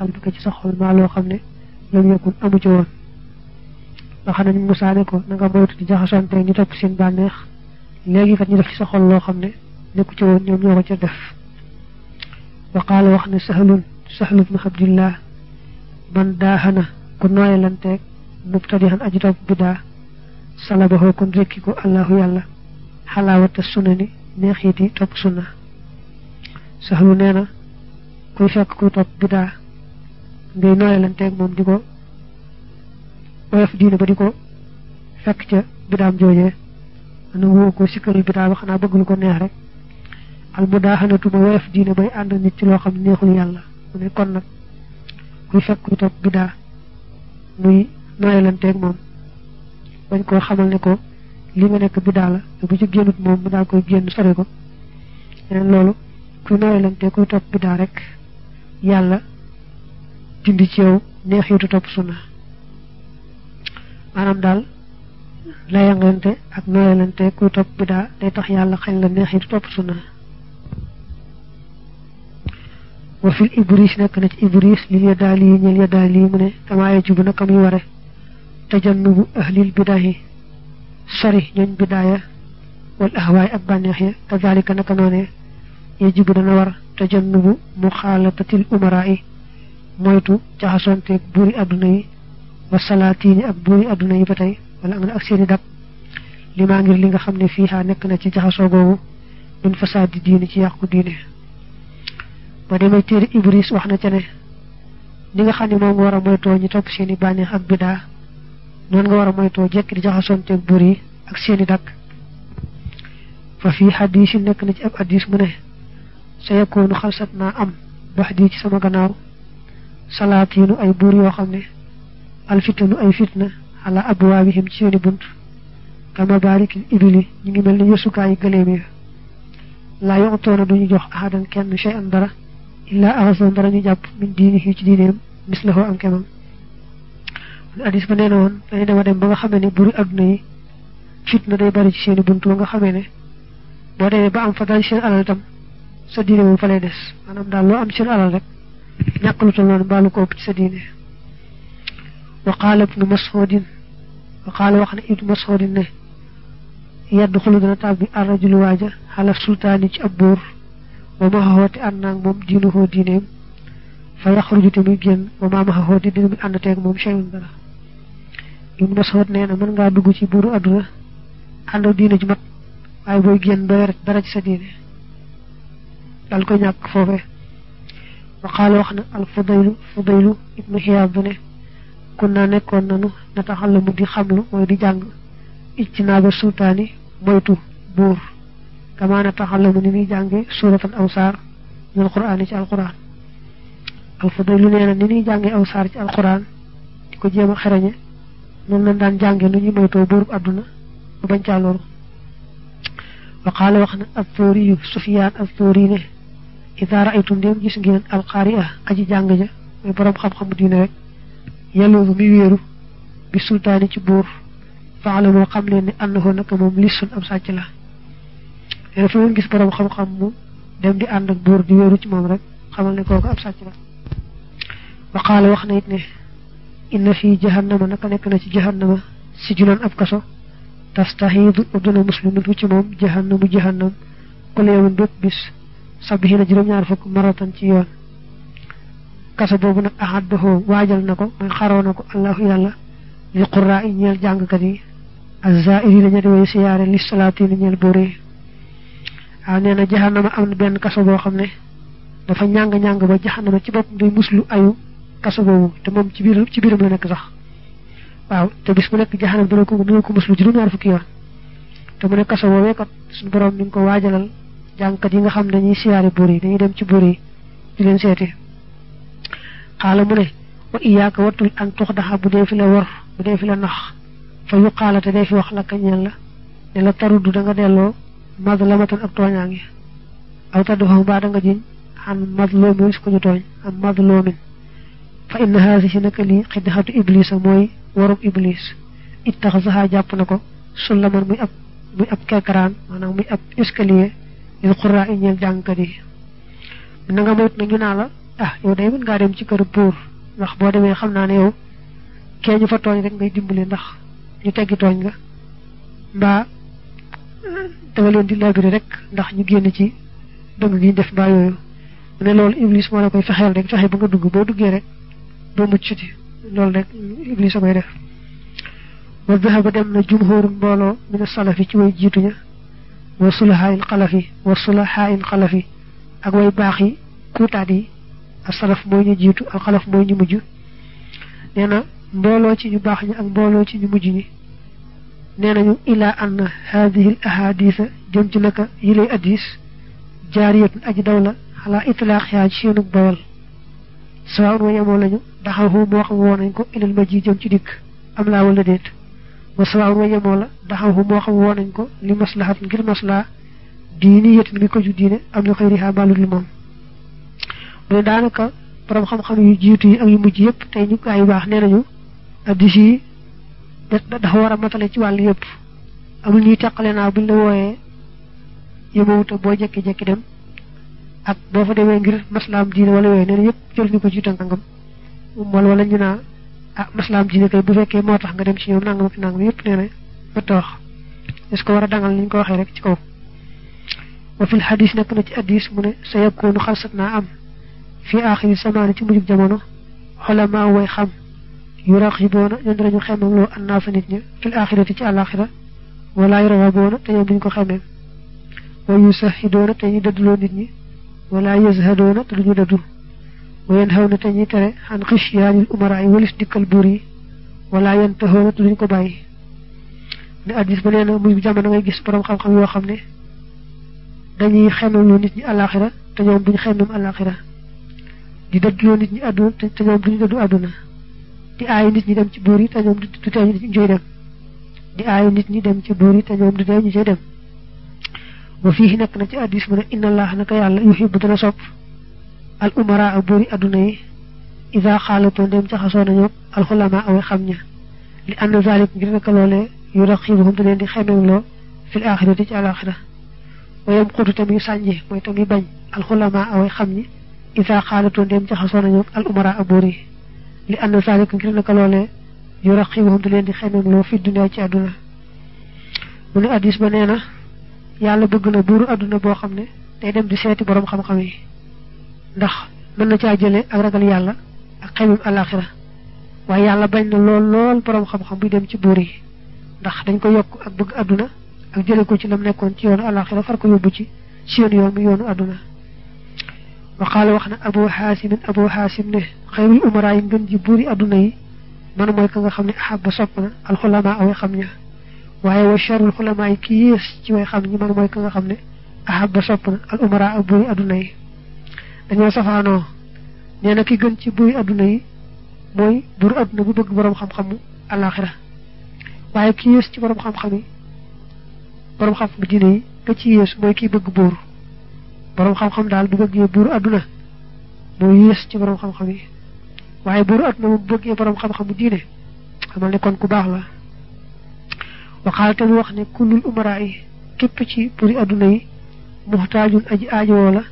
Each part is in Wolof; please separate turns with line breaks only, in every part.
xalbuka ci sa xol ma lo xamne lam yakun amu ci won ba xana ñu musa ne ko na nga moytu ci jaxasante ñu top seen banex legi fa ñu def ci sa xol lo xamne nekku ci won ñom ñoko ci def wa qala waxna sahlun sahlun ibn abdullah man dahana ku noyelante han aji top bida salabahu kun ko allah yalla halawata sunani neexiti top sunna sahlu neena kuy fekk kuy top bida. ngay nooyalanteeg moom di ko oyof diine ba di ko fekk ca bidaam joojee ana woo ko sikkal bidaa ba xanaa bëgg ko neex rek al mudaahanatu ma woyof diine bay ànd ci loo xam neexul yàlla mu ne nag kuy fekk kuy topp moom bañ koo xamal ne ko li nga nekk bidaa la te bu ci génnut moom mu daal koy génn sore ko yeneen loolu kuy nooyalanteeg kuy topp bidaa rek yàlla julli ci yow neexitu topp sunna maanaam daal layangante ak nooyalante kuy topp bidaa day tax yàlla xañ la neexitu topp sunna wa fil ibris nekk na ci ibris lil ya daal ay ñel ya mu ne damaaye jubu na kam yu ware tajannubu ahlil bidaahi sori ñooñ bidaaya wal ahwaay ak bànneex ya kazalika naka noone yajibu dana war tajannubu muxaalatatil umaraa yi moytu jaxasonte ak buri aduna yi wa salatini ak buri aduna yi batay wala nga ak seeni dab lima ngir li nga xamne fiha nek na ci jaxaso gogu min fasadi diini ci yaqku diine ba demé téré ibris waxna ci ne li nga xamne mom wara moyto ñi top seeni bani ak bida non nga wara moyto jekk di jaxasonte ak buri ak seeni dak fa fi hadith nek na ci ab hadith mu ne sayakunu khalsatna am bahdi ci sama gannaaw salaatiinu ay bur yo xamne al fitnu ay fitna ala abwaabihim ci seeni buntu kama baarikil ibili ñi ngi mel ni yësukaayu gëléem la yo yoxtoona duñu jox ahadan kenn shay an dara illa axasoon dara ñu jàpp min hi ci diineem mislahu am kenn hadis ba nee won dañu dama dem ba nga xamne bur aduna yi fitna day bari ci seeni buntu nga xamne bo dewe ba am fa dal seen alal tam sa diine moom fa lay dess manam dal lo am seen alal rek ñàkk lu toll noonu baalu ko ci sa diine wa qaala ibnu mas'udin wa qaala wax na ibnu mas'udin ne yedd xulu dana tàbbi arrajulu waaja xala sultaani ci ab buur wa maxaxoo te ànd naag moom diinuhoo diineem fa yaxruju te muy génn wa maa maxaxoo te dina muy ànd teeg moom cheyun dara ibnu mas'ud nee na mën ngaa dugg ci buuru adduna ànd ak diine mat waaye booy génn doo sa diine dal ko ñàkk foofee وقال وخنا الفضيل فضيل ابن حياب بن كنا نكون نانو نتعلم دي خملو موي دي جانغ اجتناب السلطاني مويتو بور كما نتعلم نمي جانغي سورة الأوصار من القرآن في القرآن الفضيل نينا نمي جانغي أوصار في القرآن ديكو جيما خرجة نون لن دان جانغي نوني مويتو بور أدنا وبنجا لولو وقال وخنا الثوري سفيان الثوري نه ida ra'aytum dem gis ngeen al qari'a aji jang ja moy borom xam xam diine rek yaluzu mi wéru bi sultani ci buur fa'lamu xam leen ni annahu nak mom lisun am sacc la dafa ngeen gis borom xam xam mu dem di and ak bur di wéru ci mom rek xamal ni koku am sacc la wa qala wax na it ne inna fi jahannama nak nek na ci jahannama si julan ab kasso tastahidu abduna muslimu ci mom jahannamu jahannam kula yawon bis sabihina juróom ñaar fuk maratan ci yoon kasa bobu nak ahaddahu wajal nako moy xaronako allah yalla allahu li qurra'i ñeel jang kat yi azzairi la ñetti way siyaare li salati la ñeel bore a neena jahannama am ben benn bo xamne dafa ñang ñang ba jahannama ci bop day muslu ayu kasa bobu te mom ci biir ci biiram la nekk sax waaw te bis mu nekk jahannam do ko do ko muslu juróom ñaar fuk yoon te mu nek kasso wowe kat suñu borom ni ko wajalal jàngkat yi nga xam dañuy siyaare buri, dañuy dem ci buri di leen seeti xaala mu ne wa iyaaka wattul an tuxdaxa bu dee fi la wor bu dee fi la nax fa yu xaalate dee fi wax la kañeel la ne la da nga delloo ak tooñaangi aw baa da nga jiñ an madloomi wis ko ñu tooñ an min fa inna haasi si naka lii xiddaxatu iblisa mooy warub iblis ittaxasaha jàpp na ko sullaman muy ab muy ab kekkaraan maanaam muy ab escalier lil xuraa i ñeel jàngkat yi na nga moyt naa la ah yow day mën ngaa dem ci kër buur ndax boo demee xam naa ne yow kee ñu fa tooñ rek ngay dimbali ndax ñu teggi tooñ nga mbaa dama leen di labiri rek ndax ñu génn ci dëng gi ñu def mbaa yooyu mu ne loolu iblis moo la koy fexeel rek fexe ba nga dugg boo duggee rek doo mucc ci loolu rek iblis a koy def wa dahaba dem na jumhur mbooloo mina salafi ci way jiituña wa sulahaayil xalafi wa sulahaayil xalafi ak way baax yi kuutaat yi asalaf mooy ñu jiitu ak xalaf mooy ñu nee na mbooloo ci ñu baax ñi ak mbooloo ci ñu mujj ñi nee nañu ilaa ann haadihil ahadisa jëm ci naka yi lay addis jaariyatun aji daw la xalaa itlaax yaa ci seenug bawal sawaawun wa yemoo lañu daxawu moo xam woo nañ ko ilal ma ji jëm ci dikk am laa wala wa sawaaw wa yemoo la daxaw fu moo xam woo nañ ko li maslahat ngir maslaa diini yétan ngi ko ju diine am na xëy rihamalul moom mu ne daanaka borom xam-xam yu jiitu yi ak yu mujj yëpp tey ñu yu baax nee nañu addis yi dafa war a matale ci wàll yëpp amul ñuy teqale naa buñ la wooyee yemawuta boo jekki-jekki dem ak boo fa demee ngir maslaam diine wala yooyu nee na yëpp jël ñu ko ci tànkangam wala wala ñu ah maslaam ji kay bu fekkee moo tax nga dem ci ñoom nangam ak nangam yëpp nee na mënta wax est-ce que war a dangal ni ñu ko waxee rek ci kaw wa fil xadis nekk na ci hadis mu ne sa yakkoonu xalsat naa am fii aaxiri samaani ci mujjub jamono xolamaa way xam yu raxiboona ñoom danañu xemmeem loo an naa fa nit ña fil aaxirati ci àlaaxira wala yu rawaboona te ñoom duñ ko xemmeem wa yu saxidoona te ñu dëdduloo nit ñi wala yëzhadoona te duñu dëddul wayen hawna te ñi tere an khishyanil umara walis dikal buri wala yantahuna luñ ko bayyi ni hadith bu leena muy jamono ngay gis borom xam xam yo xamne dañuy xémal ñu nit ñi al alakhirah te ñoom duñ al alakhirah di dëgg lo nit ñi aduna te ñoom duñ dëddu aduna di ay nit ñi dem ci buri te ñoom du tay ñu joy dem di ay nit ñi dem ci buri te ñoom du tay ñu joy dem wa fihi nak na ci hadith mu inna allaha naka yalla yuhibbu dana sopp al umaraa buuri aduna yi isa xaalatoo ndem jaxasoo nañu al xulamaa aw xam ña li ànd zalik ngir naka loolee yu raxiibuhum di leen di xememloo fil axirati ci alaxira wa yam xutu tam yu sànje mooy tam yu bañ al xulamaa aw xam ñi isa xaalatoo ndem jaxasoo nañu al umaraa buur yi li ànd zalik ngir naka loolee yu raxiibuhum di leen di xememloo fi dunia ci àdduna mu ne addis yàlla bëgg na buuru àdduna boo xam day dem di seeti borom xam-xam yi ndax mën na caa jële ak ragal yàlla ak xemim alaxira waaye yàlla bañ na lool lool borom xam-xam buy dem ci buur yi ndax dañ ko yokk ak bëgg àdduna ak jële ko ci lam nekkoon ci yoonu alaxira far ko yóbbu ci seen yoon mu yoonu àdduna wa qaala wax na abu xaasim abu xaasim ne xayrul umara yi ngën ji buuri àdduna yi man mooy ka xam ne ahaba sopp na waaye wa charul ki ci way xam ne ahaba al umara buuri àdduna yi dañoo safaanoo nee na ki gën ci buy adduna yi mooy bur adduna bu bëgg borom xam-xamu àllaaxira waaye ki yées ci borom xam-xam yi borom xam-xamu diine yi nga ci yées mooy kiy bëgg buur borom xam-xam daal bu bëggee buur adduna mooy yées ci borom xam-xam yi waaye buur adduna moom bu bëggee borom xam-xamu diine xamal ne kon ku baax la waxaal te mu wax ne kullul umara yi képp ci buri adduna yi muxtaajul aji aajowoo la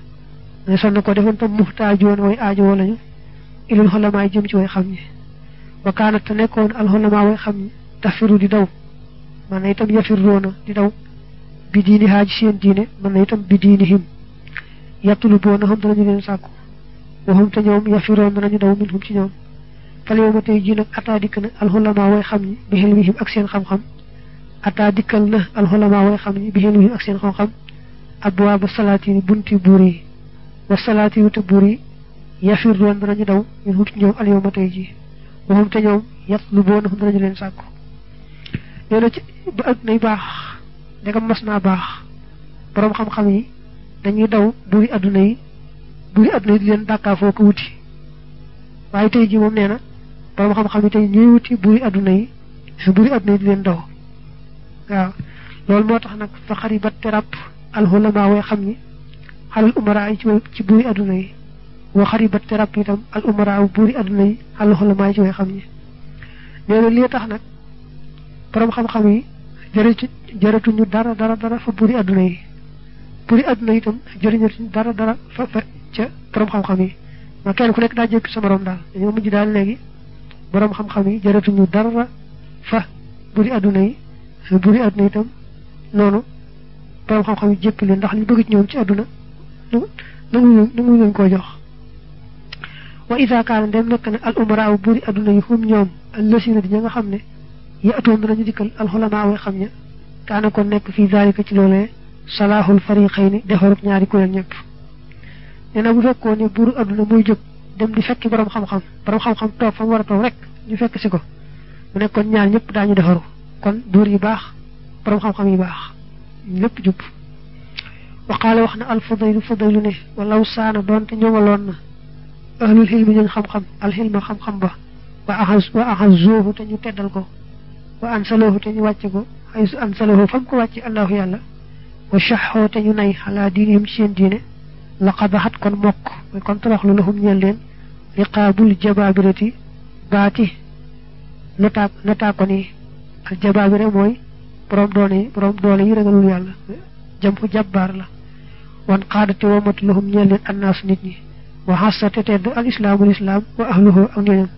sonn ko defoon tam muxtaajoon way aajowoo lañu ilul xolamaay jëm ci way xam ñi wa kaanat te nekkoon alxolamaa way xam ñi tafiru di daw mën na itam yafirroona di daw bi diini xaaji seen diine mën na itam bi diini him yattulu boona xam danañu leen sàkku waxum te ñoom yafiroon danañu daw min hum ci ñoom fale yow ma tey jii nag ataa dikk na alxolamaa way xam ñi bi xel wi him ak seen xam-xam ataa dikkal na alxolamaa way xam ñi bi xel wi him ak seen xam-xam abwaaba salaatini bunti buur yi wa salaati yu te buur yi yafiruun danañu daw ñun wut ñoom alyawma tey ji waxum te ñoom yatlubuuna hum danañu leen sàkku nee na ci ba ak nay baax ndegam mas naa baax boroom xam-xam yi dañuy daw buri adduna yi buri adduna yi di leen dàkkaa ko wuti waaye tey ji moom nee na boroom xam-xam tey ñuy wuti buri adduna yi su buri adduna yi di leen daw loolu moo tax nag fa xaribat terap alxulamaa way xam ñi alal umara yi ci way ci buuri adduna yi wa xaribat te rab itam al umara buuri adduna yi alal xulamaa yi ci way xam ñi nee na lii tax nag borom xam-xam yi jërëjëf jërëtuñu dara dara dara fa buuri adduna yi buuri adduna yi itam jëriñatuñu dara dara fa fa ca borom xam-xam yi ma kenn ku sa morom daal dañoo daal léegi borom xam-xam yi jërëtuñu dara fa buuri adduna yi buuri adduna yi itam noonu borom xam-xam yi jépp li ndax li bëgg ci ñoom ci adduna. nangu nangu leen koo jox wa isa kaana ndem nekk na al umaraaw buuri adduna yi hum ñoom allësina di ña nga xam ne yaatoon danañu dikkal alxulamaa way xam ña kaana kon nekk fii zalika ci loolee salaahul fariqayni defarub ñaari kuréel ñëpp nee na bu fekkoo ne buuru adduna muy jóg dem di fekki borom xam-xam borom xam-xam toog fa mu war a toog rek ñu fekk si ko mu nekkoon ñaar ñëpp daañu defaru kon buur yi baax borom xam-xam yi baax lépp jub وقال وخنا الفضيل فضيل نه ولو سان دونت نيوغالون اهل الحلم ني خم خم الحلم خم خم با واحز واحزوه تني تدال كو وانسلوه تني واتيكو حيث انسلوه فم كو واتي الله يالا وشحو تني ناي على دينهم شين دين لقد حد كون موك وي كون تروخ لهم نيل لين رقاب الجبابرتي غاتي نتا نتا كوني الجبابره موي بروم دوني بروم دوني رغلو يالا جمبو جبار لا wan xaada te woomatu lahum ñeel leen annaasu nit ñi wa xassa te tedd al islaamul islaam wa ahluhu ak ñoñam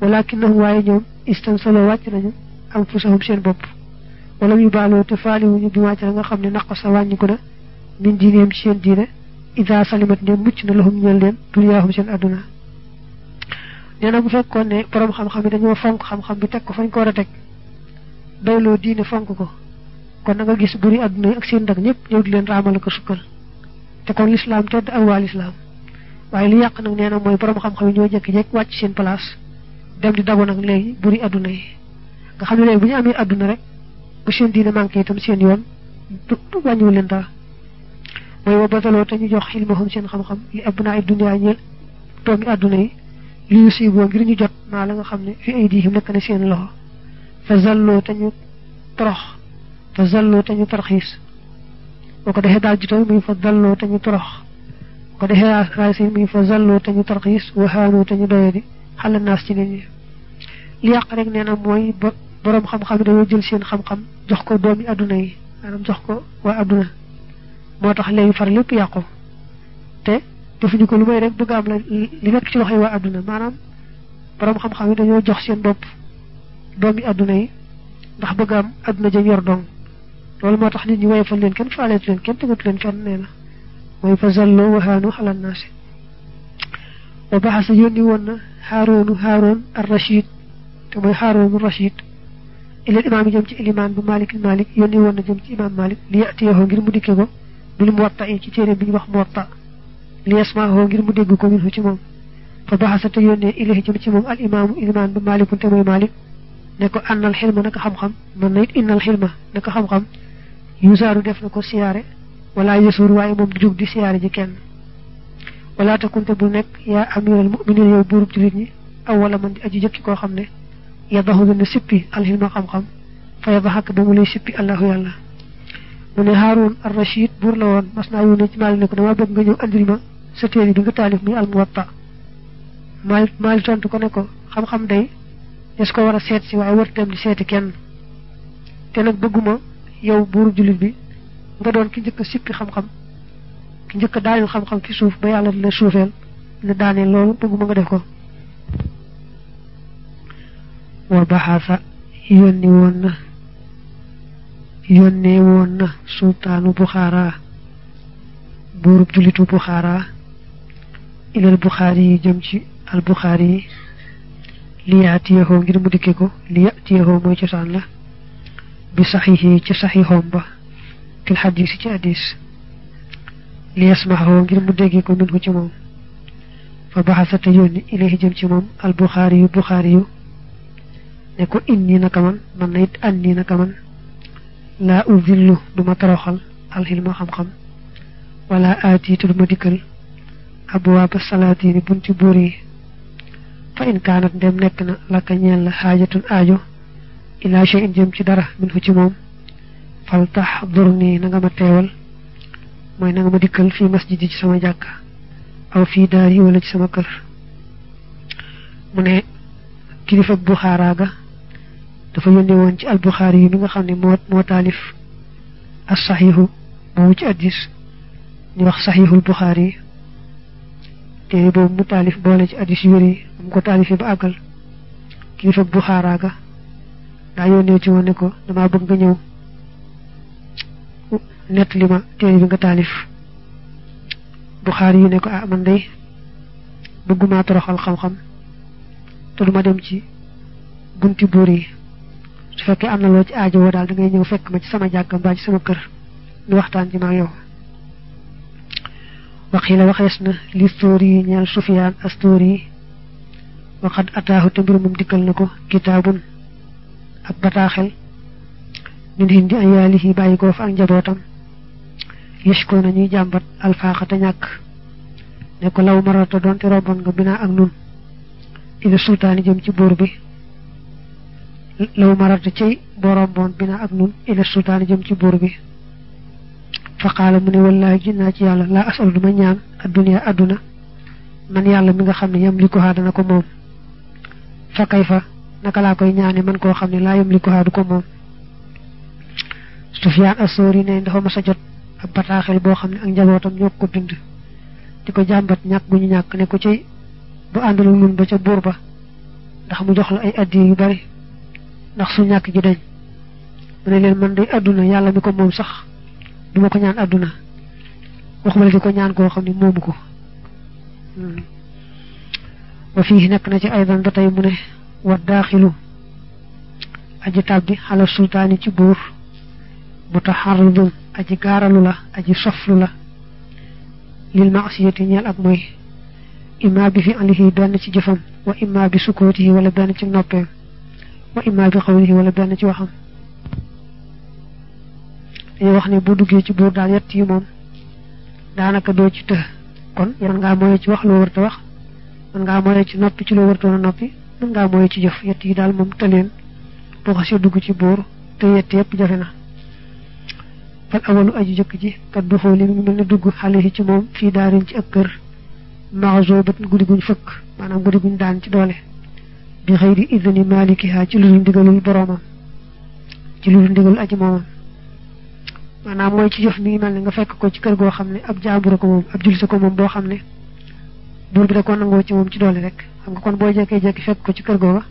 walakinnahum waaye ñoom istansalo wàcc nañu am fusahum seen bopp wala yu baaloo te faaliwuñu bi wàcc la nga xam ne naq sa wàññiku na min diineem ci seen diine ida salimat ne mucc na lahum ñeel leen duniyaahum seen adduna nee na bu fekkoon ne borom xam-xam yi dañoo fonk xam-xam bi teg ko fañ ko a teg doyloo diine fonk ko kon na nga gis buri adduna yi ak seen ndag ñëpp ñëw di leen raamal ko sukkal te kon l'islam tedd ak waa l'islam waaye li yàq nag nee na mooy borom xam-xam yi ñoo jékki-jékki wàcc seen place dem di dabu nag léegi buri aduna yi nga xam ne léegi bu ñu amee àdduna rek bu seen diine manqué itam seen yoon wàññiwul leen dara mooy wa bataloo te ñu jox ilmahum seen xam-xam li ay dunya ñeel doomi aduna yi li ñu siiboo ngir ñu jot maa la nga xam ne fi ay diihim nekk na seen loxo fa zalloo te ñu torox fa zalloo te ñu tarxiis boo ko defee daal jitoy muy fa dalloo te ñu torox boo ko defee raasi muy fa zalloo te ñu tarxiis waxaanoo te ñu doyadi xàll naas ci nit ñi li yàq rek nee na mooy boroom xam-xam yi dañoo jël seen xam-xam jox ko doomi adduna yi maanaam jox ko waa adduna moo tax léegi far lépp yàqu te defuñu ko lu may rek bëgg am la li nekk ci loxoy waa adduna maanaam boroom xam-xam yi dañoo jox seen bopp doomi adduna yi ndax bëgg am adduna jëm yor dong loolu moo tax nit ñi woyofal leen kenn faaleetu leen kenn tegatu leen fenn nee na mooy fa zalloo waxaanu xalan naa si wa baxasa yónni woon na xaaroonu xaaroon ar rachid te mooy xaaroonu rachid ilal imaam yi jëm ci ilimaan bu malik malik yónni woon na jëm ci imaam malik li yatiyoo ngir mu dikke ko bil muwatta yi ci téere bi ñu wax muwatta li yasmaahoo ngir mu dégg ko minhu ci moom fa baxasa te yónnee ilahi jëm ci moom al imaamu ilimaan bu malikun te mooy malik ne ko annal xilma naka xam-xam man na it innal xilma naka xam-xam yusaaru def na ko siyaare wala yësuur waaye moom du jóg di siyaare ji kenn wala takunte bu nekk yaa amiral muminin yow buurub jullit ñi aw wala man di aji jëkki koo xam ne yadaxu dana sippi alxilma xam-xam fa yadaxak ba mu lay sippi allahu yàlla mu ne Haarun ar-Rashid buur la woon mas naa yónnee ne ko dama bëgg nga ñëw andil ma sa téere bi nga taalif muy al-Muwatta Maalik Maalik tontu ko ne ko xam-xam day des ko war a seet si waaye wër dem di seeti kenn te nag bëgguma yow bu jullit bi nga doon ki njëkk a sikki xam-xam ki njëkk a daaneel xam-xam ci suuf ba yàlla di la suufeel di la daaneel loolu bëgguma nga def ko wa baxaasa yónni woon na yónnee woon na sultaanu buxaara buurub jullitu buxaara ilal buxaari yi jëm ci al buxaari yi liyaatiyahoo ngir mu dikkee ko liyaatiyahoo mooy cosaan la bi saxihi ci saxihom ba fil hadis ci hadith li yasmahu ngir mu dégge ko min ko ci mom fa baxasa yoni ilahi jëm ci mom al bukhari yu buxaari yu ne ko inni naka man man na anni naka man laa uzillu duma al hilma xam-xam wala aati te duma dikkal abwaaba salaatini bunti buri fa in kanat dem nek na la ka ñel aajo ilaa shay'in jëm ci dara min fu ci moom fal tax dur nii na nga ma teewal mooy na ma dikkal fii masjid ci sama jàkka aw fii daar yi ci sama kër mu ne kilifa Buxaaraa ga dafa yónni woon ci albuxaari yi mi nga xam ne moo moo taalif as saxiixu mu ci addis ñu wax saxiixul Buxaari yi téere boobu mu taalif boole ci addis yu wér yi mu ko ba àggal kilifa Buxaaraa da yone ci woon ko dama bëgg nga ñëw nett li ma téere bi nga talif bukhari yi ne ko ah man day bëgguma toroxal xam-xam to duma dem ci bunti buri su am na ci aaji woo dal da ngay ñëw fekk ma ci sama jàkka ba ci sama kër di waxtaan ci ma yow waxiila waxees na li story ñal sufyan astori ataahu ak bataaxel min hindi ay yaalihi bàyyi ko fa ak njabootam yëchkoo na ñuy jàmbat alfaaxa te ñàkk ne ko law marata doonte romboon nga binaa ak nun ila sultaani jëm ci buur bi law marata cey boo romboon binaa jëm ci buur bi fa qaala mu ne wallaahi ji ci yàlla laa asal du ma ñaan adduniya adduna man yàlla mi nga xam ne yam li ko xaa ko moom fa kay fa naka la koy ñaané man ko xamni la yam liko haadu ko mom sufyan asori ne ndax ma sa jot ak bataxel bo xamni ak njabotam ñoko bind diko jambat ñak guñu ñak ne ko ci bu andul ñun ba ca ba ndax mu jox la ay addi yu bari ndax su ñak ji dañ mu ne leen man day aduna yalla mi ko mom sax duma ko ñaan aduna ma diko ñaan ko xamni hmm. momuko wa fihi nak na ci aydan batay mu ne wa dakhilu aji tabbi ala sultani ci bur mutaharridun aji garalu la aji soflu la lil ma'siyati ñal ak moy imma bi fi alihi ben ci jëfam wa imma bi sukutihi wala ben ci wa imma bi qawlihi wala ben ci waxam ñu wax ni bu duggé ci bur dal yett yi ci te kon yeen nga moy ci wax lo wërta wax man ngaa ci noppi ci lo wërta noppi mën ngaa mooy ci jëf yett yi daal moom tëleen boo dugg ci buur te yett yëpp jafe na fal awalu aju jëkk ji kat du xooli mu mel ne dugg xale yi ci moom fii daarin ci ak kër maxzo bat guddi guñ fëkk maanaam guddi guñ daan ci doole bi xëy di idni maalikiha ci lu dul ndigalul boroomam ci lu dul ndigalul aji moomam maanaam mooy ci jof mi ngi mel ne nga fekk ko ci kër goo xam ne ab jaambur ko moom ab jullit ko moom boo xam ne buur bi da koo nangoo ci moom ci doole rek xam nga kon boo jekkee jékki fekk ko ci kër googa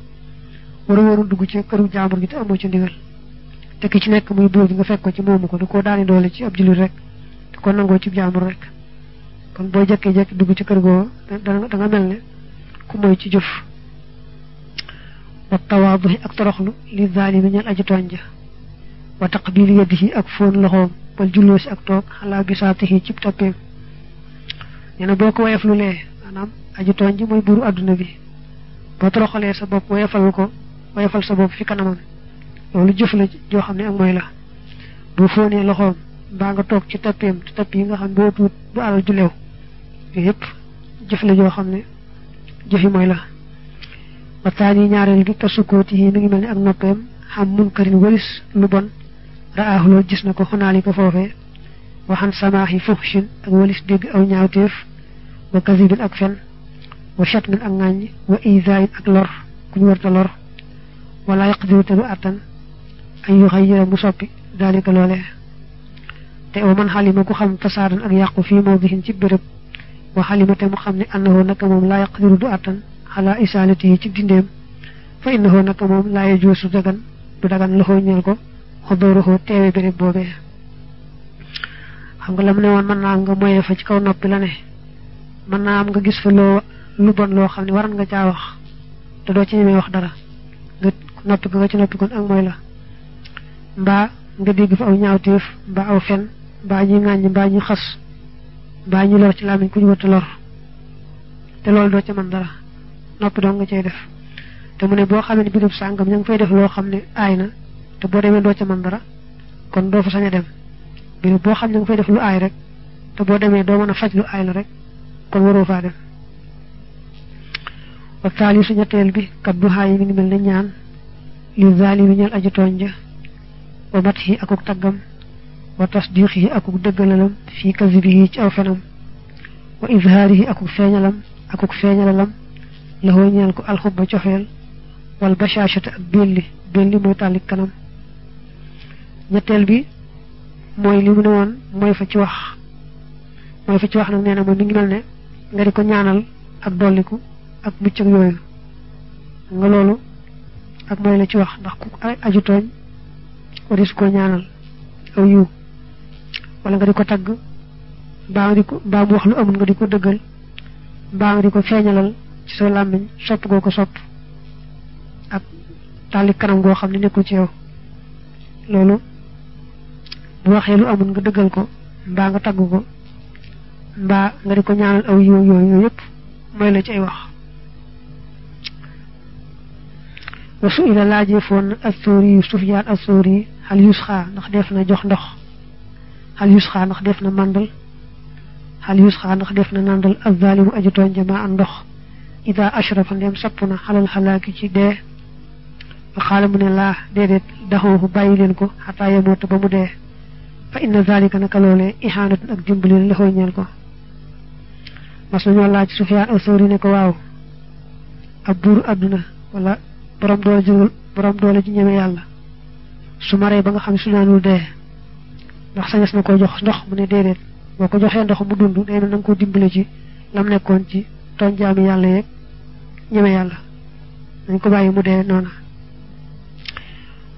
war a warul dugg ci këru jaambur gi te amoo ci ndigal te ki ci nekk muy buur bi nga fekk ko ci moomu ko da koo doole ci ab jullit rek da koo nangoo ci jaambur rek kon boo jékkee-jékki dugg ci kër googa da nga mel ni ku moy ci jëf wa tawaadu ak toroxlu li zaalimi ñeel aji tooñ ja wa taqbil yadihi ak fóon loxoom wal julloo si ak toog xalaa bisaatihi cib toppeem nee na boo ko wayef lu lee maanaam aju tooñ ji mooy buuru adduna bi boo toroxalee sa bopp woyefal ko woyefal sa bopp fi kanamam loolu jëf la joo xam ne ak mooy la boo fóonee loxoom baa nga toog ci tappeem te tapp yi nga xam boo tuut bu alal ju leew jëf la joo xam ne jëfi mooy la ba yi ñaareel bi ka sukkooti yi mi ngi mel ni ak noppeem xam mun karin walis lu bon raaxuloo gis na ko xonaali ko foofee waxan samaax yi fuxshin ak walis dégg aw ñaawteef وكذب الأكفن وشتم الأنغاني وإيذاء الأكلر كنورة لور ولا يقدر تلو أتن أن يغير مصاب ذلك لوله تي ومن حالي خم فسارا أن يقو في موضه تبرب وحالي متى مخم لأنه نكمم لا يقدر دو أتن على إسالته تبدندهم فإنه نكمم لا يجوز دغن بدغن لهو نيالكو خضوره تيوي بريب بوبه xam nga lam ne woon mën naa nga moye fa ci kaw noppi la ne manam am nga gis fa lo lu bon lo xamni waran nga caa wax te do ci ñemee wax dara nga noppi nga ci noppi kon ak moy la ba nga dégg fa aw ñaawteef ba aw fen ba ñi ngañ ba ñi xass ba ñi lor ci làmmiñ ku ñu wëtt lor te loolu do ci man dara noppi do nga cey def te mu ne bo xamni bi bidub sàngam ña fay def lo xamni ayna te bo demee do ci man dara kon do fa sañ dem bi bo xamni ne fay def lu ay rek te bo demee do mëna faj lu ay la rek kon waroo faa dem wa ñetteel bi kaddu xaay mi ngi mel ne ñaan li zalimi ñal aji ja wa akuk taggam wa tasdiqi akuk dëggalalam fii kasibihi ci aw fenam wa izhaarihi akuk feeñalam akuk feeñalalam laxoo ñeel ko alxubba cofeel wal bachaachata ak belli belli mooy tàllik kanam ñetteel bi mooy li mu ne woon mooy fa ci wax mooy fa ci wax nag nee na mooy mi mel ne nga di ko ñaanal ak doliku ak mucc ak yooyu nga loolu ak mooy la ci wax ndax ku aju tooñ waris ko ñaanal aw yu wala nga di ko tagg baa nga di ko baa wax lu amul nga di ko dëggal nga di ko feeñalal ci làmmiñ sopp goo sopp ak tàlli kanam goo xam ne nekkul ci yow loolu bu waxee lu amul nga dëggal ko mbaa nga tagg ko mbaa nga di ko ñaanal aw yiw yooyu la ci ay wax wasu ila laajee foon assoori yu sufyaan assoori yi xal yusxaa ndax def na jox ndox xal yusxaa ndax def na màndal xal yusxaa ndax def na nàndal azalimu aju tooñ jamaa am ndox ida ashrafa ndem sapp na xalal xalaaki ci dee fa xaala mu ne laa déedéet daxooxu bàyyi leen ko xataa yemoota ba mu dee fa inna zalika naka loolee ak dimbaleel la xooñeel ko mas nañoo laaj Sufyaan as-Sawri ne ko waaw ab buuru àdduna walla borom doole ji borom doole ji ñeme yàlla su maree ba nga xam su naanul dee ndax sañes na ko jox ndox mu ne déedéet boo ko joxee ndox mu dund day mel na nga ko dimbale ci lam nekkoon ci tooñ jaami yàlla yeeg ñeme yàlla dañ ko bàyyi mu dee noona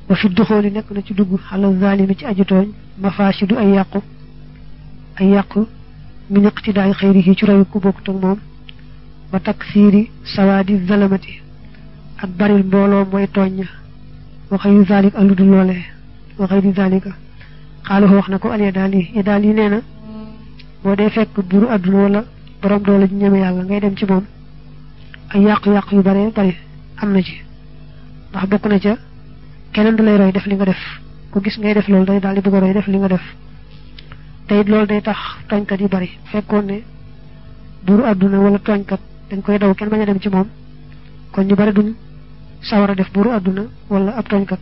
ba fi duxooli nekk na ci dugg xala zalimi ci aju tooñ mafaasidu ay du ay yàqu min iqtidaay xayrihi ci royu ku bokkut ak moom ba takk siiri sawaadi zalamati ak baril mbooloo mooy tooñ waxee yu zalik ak lu dul loolee waxee di zalika xaalis wax na ko al yadaal yi yadaal nee na boo dee fekk buuru àdduna wala borom doole ju ñeme yàlla ngay dem ci moom ay yàqu-yàqu yu bare bare am na ci ndax bokk na ca keneen du lay roy def li nga def ku gis ngay def loolu day daal di bëgg roy def li nga def. te it loolu day tax tooñkat yu bari fekkoon ne buuru àdduna wala tooñkat dañ koy daw kenn bañ a dem ci moom kon ñu bari duñ sawar def buuru àdduna wala ab tooñkat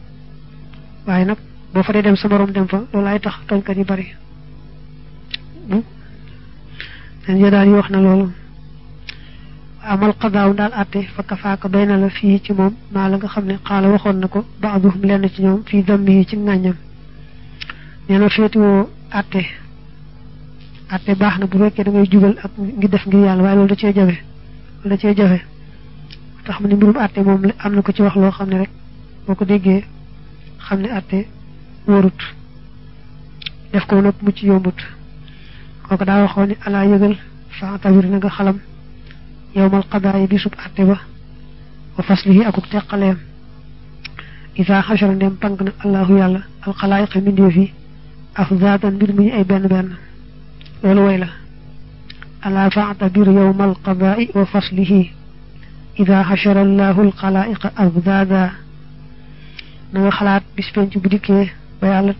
waaye nag boo fa dee dem sa morom dem fa loolu ay tax tooñkat yu bari dañ yo daal yi wax na loolu amal qadaaw daal àtte fa kafaaka bay na la fii ci moom maa la nga xam ne xaala waxoon na ko baaduhum lenn ci ñoom fii dammi yi ci ŋàññam nee na féetiwoo àtte atte baax na bu fekkee da ngay ak ngi def ngir yàlla waaye loolu da cee jafe loolu da cee jafe tax mu ne mbirum atte moom am na ko ci wax loo xam ne rek boo ko déggee xam ne atte wóorut def ko nopp mu ci yombut kooku daa waxoon ne alaa yëgal fa tabir na nga xalam yowmal qadaa yi bi sub atte ba wa faslihi akuk teqaleem isaa xasara ndem pank na allahu yàlla alxalaayiqa mbindeef yi af zaatan mbir mu ñu ay benn benn loolu woy la alaa faatadir yowma alqadaai wa faslihi ida xachara allahu alxalaa'iqa abdaada na nga xalaat bis penc bu dikkee ba yàlla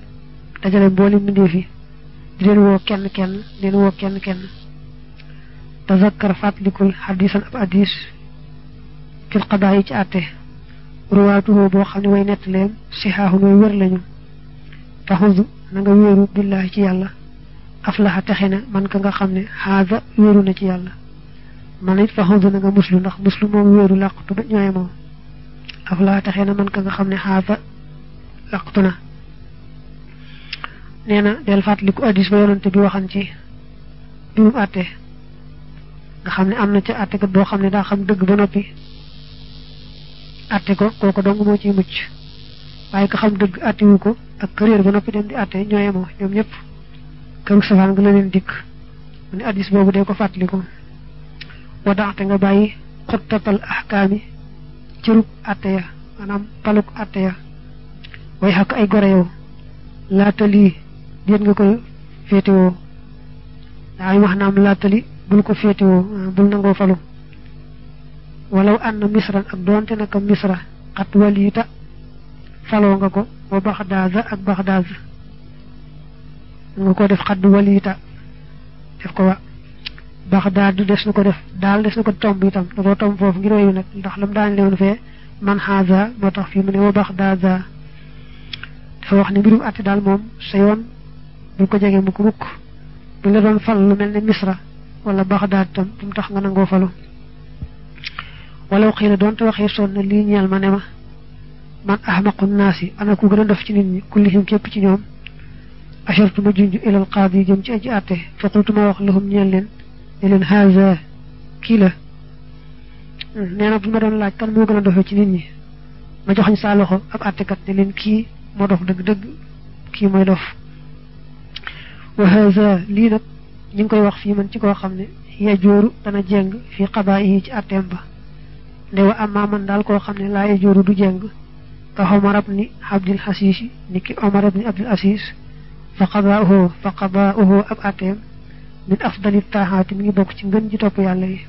dajale mboole mbindeef yi di leen woo kenn kenn leen woo kenn kenn tazakkar fàttalikul xadisan ab hadis fil qadaa yi ci àtte ruwaatuhu boo xam ne way nettaleem sixaahu nooy wér lañu taxudu na nga wéeru billahi ci yàlla aflaha taxena man ka nga xamne haza haada na ci yalla man it faxondu na nga muslu ndax muslu mom wéeru laqtu ba ñoy mom aflaha taxena man ka nga xamne haza laqtuna neena del fatli na del fàttaliku ba yonante bi waxan ci mu até nga xamne amna ci até ca do xamne da xam dëgg ba ko koko dong moo ci mucc waye ka xam dëgg wu ko ak këréer ba nopi dem di até ñoyamo ñom ñëpp kaw safaan nga la leen dikk mu addis boobu dee ko fàttaliku wadaxte nga bàyyi xuttatal ahkaami cërub atte ya maanaam paluk atte ya way ay gore yow laatali déet nga koy féetewoo daa yi wax naam laatali bul ko féetewoo bul nangoo falu walaw ànd misran ak doonte naka misra xat waliita faloo nga ko wa baxdaasa ak baxdaasa nga ko def xadd waliita def ko wa baxdaad def na ko def daal des na ko tomb itam da koo tomb foofu ngir wayu nag ndax lam daan lewoon fee man xaaza moo tax fii mu ne wa baxdaada dafa wax ne mbirum daal moom sa yoon bu ko jege mukk mukk bu la doon fal lu mel ne misra wala baxdaad itam bu mu tax nga nangoo falu wala xëy doon doonte waxee sonn lii ñeel ma ne ma man ahmaqu naasi ana ku gën a dof ci nit ñi kullihim képp ci ñoom ashartu ma junj ilal qaadi jëm ci aji àtte fa qultu ma wax lahum ñeen leen ne leen haza kii la nee na bu ma doon laaj kan moo gën a dofe ci nit ñi ma joxañ saa loxo ab àttekat ne leen kii moo dof dëgg-dëgg kii mooy dof wa haza lii nag ñu ngi koy wax fii man ci koo xam ne yajooru dana jeng fii xabaa yi ci àtteem ba nde wa amma man daal koo xam ne laa yajooru du jeng ka Omar ibn ni ki Omar ibn Fakaba qada'uhu fakaba qada'uhu ab atem min afdali tahaati mi ngi bokk ci ngën ji topp yàlla yi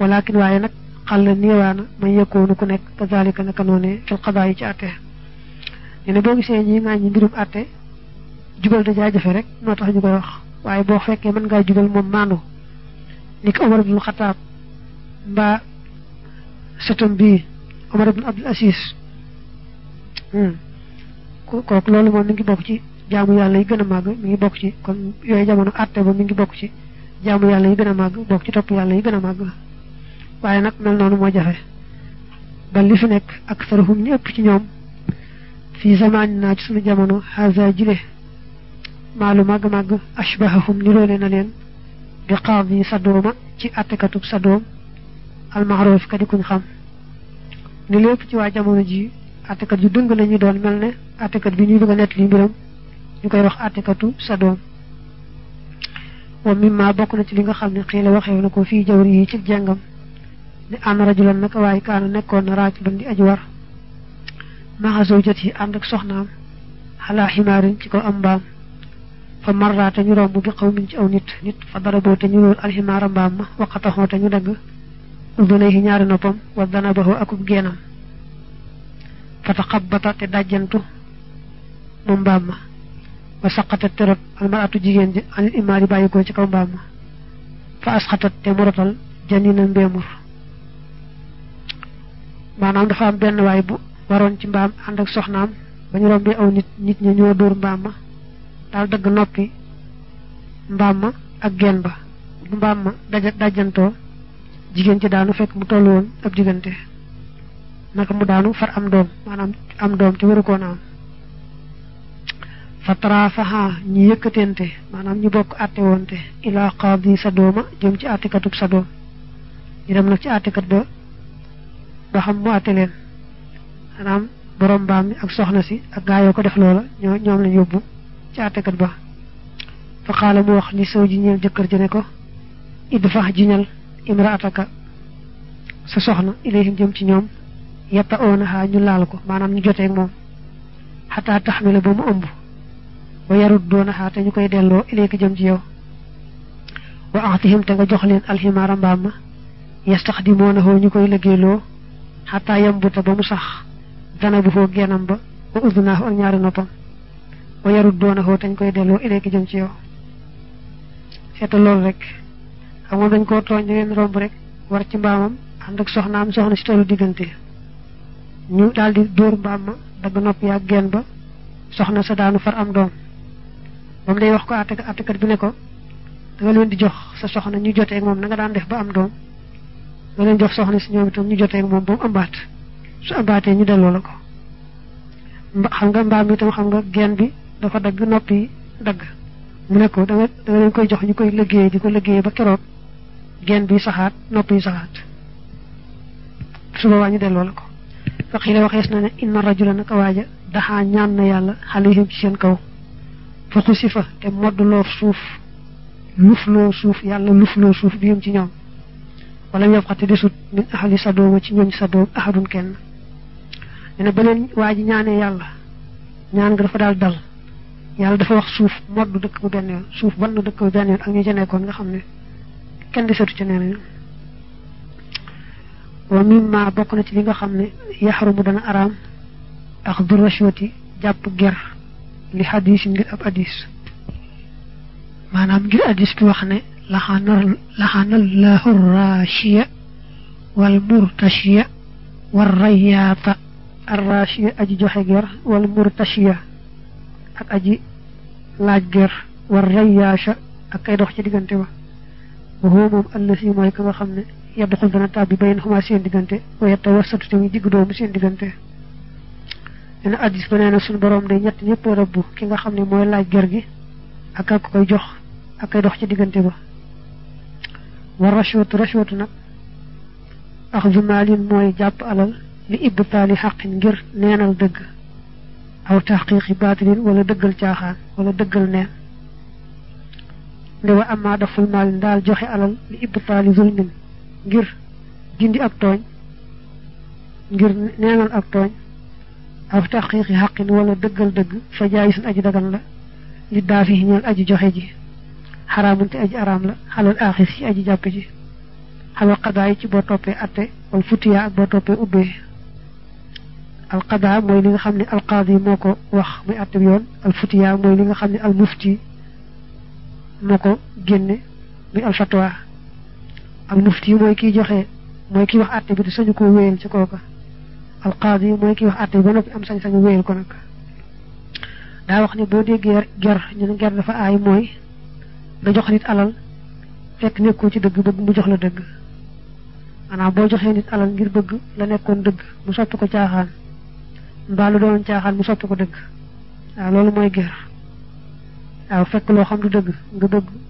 walakin waaye nag xàll néewaana may yëkkoonu ku nekk ka zalika naka noonee fil qadaa yi ci atte ñu ne boo gisee ñi ngaa ñi mbirum atte jugal da jaa jafe rek moo tax ñu koy wax waaye boo fekkee mën ngaa jugal moom maanu ni ko omar ibnul xataab mbaa sëtam bii omar ibnul abdul asis hmm, kooku loolu jaamu yàlla yi gën a màgg mi ngi bokk ci kon yooyu jamono àtte ba mi ngi bokk ci jaamu yàlla yi gën a màgg bokk ci topp yàlla yi gën a màgg waaye nag mel noonu moo jafe ba li fi nekk ak saruhum ñépp ci ñoom fii zaman naa ci sunu jamono haza jile maalu màgg-màgg ashbahahum niroole na leen bi qaadi sadooma ci àttekatub sadoom almaaroof ka di kuñ xam ni lépp ci waa jamono ji àttekat yu dëng la ñu doon mel ne àttekat bi ñuy bëgg a nett li mbiram ñu koy wax àttekatu Sadom wa mimma bokk na ci li nga xam ne xëy na na ko fii jawr yi ci jàngam ne am rajulan naka waaye kaana nekkoon na raaj ban di aju war maxasow jot yi ànd ak soxnaam xalaa ximaarin ci ko am mbaam fa marra te ñu romb bi xaw min ci aw nit nit fa daraboo te ñu lool alximaara mbaam ma waqataxoo te ñu dagg udunay yi ñaari noppam wa danabahu akub geenam fa taxabata te dàjjantu moom mbaam ma wa saqatat terab al mar'atu jigen ji an imari bayiko ci kaw mbam fa asqatat te janina mbemur manam dafa am ben way bu waron ci mbam and ak soxnam bañu rombe aw nit nit ñi ñoo door mbam dal deug nopi mbam ak gen ba mbam dajja dajat dajanto jigen ci daanu fekk mu tollu won ab digante naka mu daanu far am doom manam am doom ci waru ko naam fatrafaha ñi yëkëtente manam ñu bokk atté wonte ila qadi sadoma jëm ci atté katub sadom ñu dem nak ci atté kat do do xam mu atté len manam borom baam ak soxna si ak gaayo ko def loola ñoom lañ yobbu ci atté kat ba fa xala mu wax li soo ji ñeel jëkkër jëne ko idfa jiñal imraataka sa soxna ilayhim jëm ci ñoom yatta onaha ñu laal ko manam ñu jotté ak mom hatta tahmilu bu mu ëmbu wa yaruddunaha te ñu koy delloo ilayka jëm ci yow wa aatihim te nga jox leen alximaara mbaam ma yastaxdimoonahu ñu koy liggéeyloo xataa yambuta ba mu sax dana bu foo genam ba koy delloo ilayka ci yow seetal loolu rek xam dañ koo tooñ da ngeen romb rek war ci mbaamam diggante ñu daal di dagg nopp yaa genn ba soxna sa daanu far am doom moom day wax ko àttekat àttekat bi ne ko da leen di jox sa soxna ñu jotee moom na nga daan def ba am doom nga leen jox soxna si ñoom itam ñu jotee ak moom ba mu ëmbaat su ëmbaatee ñu delloo la ko xam nga mbaam itam xam nga geen bi dafa dagg nopp yi dagg mu ne ko da nga leen koy jox ñu koy liggéey di ko liggéey ba keroog geen bi saxaat nopp saxaat su waa ñu delloo la ko. wax yi la waxees na ne inna rajula naka waaja daxaa ñaan na yàlla xale yi ci seen kaw. fa si fa te moddloo suuf lufloo suuf yàlla lufloo suuf bi yëm ci ñoom wala ñoom xate desut min ahali sa dooma ci ñooñ sa doom ahadun kenn ne na ba waa ji ñaanee yàlla ñaan nga dafa daal dal yàlla dafa wax suuf modd dëkk bu benn yoon suuf ban na dëkk bu benn yoon ak ñu ca nekkoon nga xam ne kenn desatu ca nee nañu wa mimma bokk na ci li nga xam ne yaxarumu dana araam ak du rashwati jàpp ger li hadith ngir ab hadith manam ngir hadis bi wax ne la rashiya wal murtashiya war rayyata ar rashiya aji joxe ger wal murtashiya ak aji laj ger war rayyasha ak kay dox ci digante ba wa humum moom ma mooy ka nga xam dana tabi bayn xuma wa yatawassatu sen digante nee na addis ba nee na suñu borom de ñett ñëpp rabbu ki nga xam ne mooy laaj ger gi ak ak koy jox ak koy dox ci diggante ba war rashwatu rashwatu nag ak jumaalin mooy jàpp alal li ibtaali xaqin ngir neenal dëgg aw taxqiqi baatilin wala dëggal caaxaan wala dëggal neen nde wa amaa daful maalin daal joxe alal li ibtaali zulmin ngir dindi ak tooñ ngir neenal ak tooñ aw taxqiqi xaqin wala dëggal dëgg fa jaay suñ aji dagan la li daafi ñeel aji joxe ji xaraamunte aji araam la xalal aaxis ci aji jàppe ji xalal qadaa yi ci boo toppee atte wala futiyaa ak boo toppee ubbee al qadaa mooy li nga xam ne al qaadi moo ko wax muy atte bi yoon al futiyaa mooy li nga xam ne al mufti moo ko génne muy al fatwa al mufti mooy kiy joxe mooy kiy wax atte bi te sañu ko wéyal ci kooka alqaadi yi mooy ki wax àtte bi ba am sañ-sañu wéyal ko nag daa wax ne boo déggee ger ñu ne ger dafa aay mooy nga jox nit alal fekk nekkoo ci dëgg bëgg mu jox la dëgg maanaam boo joxee nit alal ngir bëgg la nekkoon dëgg mu soppi ko caaxaan mbaa lu doon caaxaan mu soppi ko dëgg waaw loolu mooy ger waaw fekk loo xam du dëgg nga bëgg